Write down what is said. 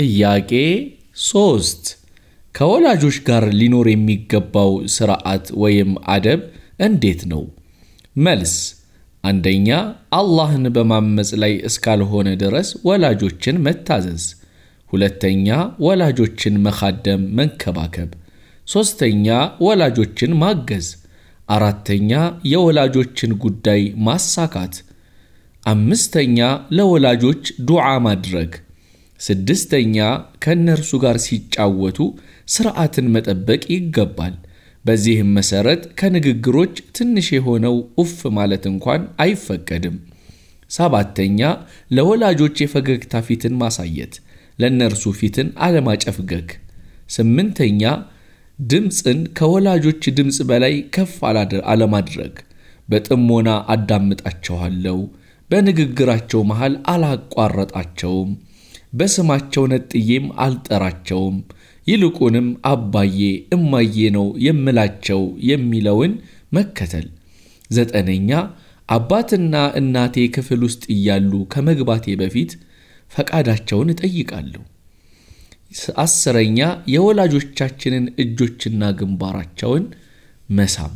ጥያቄ ሶስት ከወላጆች ጋር ሊኖር የሚገባው ስርዓት ወይም አደብ እንዴት ነው? መልስ፣ አንደኛ አላህን በማመፅ ላይ እስካልሆነ ድረስ ወላጆችን መታዘዝ፣ ሁለተኛ ወላጆችን መካደም መንከባከብ፣ ሦስተኛ ወላጆችን ማገዝ፣ አራተኛ የወላጆችን ጉዳይ ማሳካት፣ አምስተኛ ለወላጆች ዱዓ ማድረግ ስድስተኛ ከእነርሱ ጋር ሲጫወቱ ስርዓትን መጠበቅ ይገባል። በዚህም መሰረት ከንግግሮች ትንሽ የሆነው ኡፍ ማለት እንኳን አይፈቀድም። ሰባተኛ ለወላጆች የፈገግታ ፊትን ማሳየት፣ ለእነርሱ ፊትን አለማጨፍገግ። ስምንተኛ ድምፅን ከወላጆች ድምፅ በላይ ከፍ አለማድረግ። በጥሞና አዳምጣቸዋለሁ፣ በንግግራቸው መሃል አላቋረጣቸውም በስማቸው ነጥዬም አልጠራቸውም። ይልቁንም አባዬ እማዬ ነው የምላቸው የሚለውን መከተል። ዘጠነኛ አባትና እናቴ ክፍል ውስጥ እያሉ ከመግባቴ በፊት ፈቃዳቸውን እጠይቃለሁ። አስረኛ የወላጆቻችንን እጆችና ግንባራቸውን መሳም